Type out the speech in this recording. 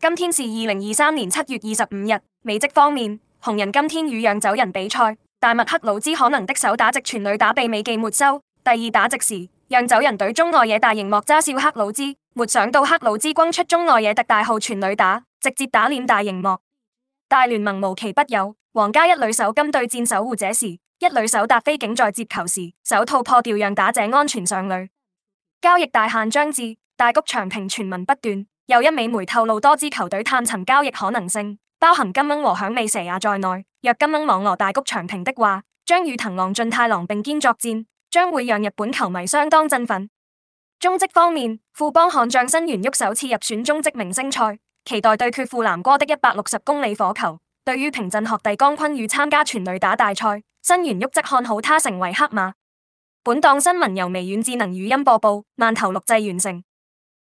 今天是二零二三年七月二十五日。美職方面，紅人今天與釀酒人比賽，大麥克魯茲可能的首打席全壘打被美技沒收。第二打席時，釀酒人隊中外野大熒幕嘲笑克魯茲，沒想到克魯茲轟出中外野特大號全壘打，直接打臉大熒幕。大聯盟無奇不有，皇家一壘手今對戰守護者時，一壘手達菲竟在接球時手套破掉，讓打者安全上壘。交易大限將至，大谷翔平傳聞不斷。又一美媒透露多支球隊探尋交易可能性，包含金鶯和響尾蛇也在內。若金鶯網羅大谷翔平的話，將與藤浪晉太郎並肩作戰，將會讓日本球迷相當振奮。中職方面，富邦悍將新援旭首次入選中職明星賽，期待對決富南哥的一百六十公里火球。對於平鎮學弟江坤宇參加全壘打大賽，新援旭則看好他成為黑馬。本檔新聞由微軟智能語音播報，慢頭錄製完成。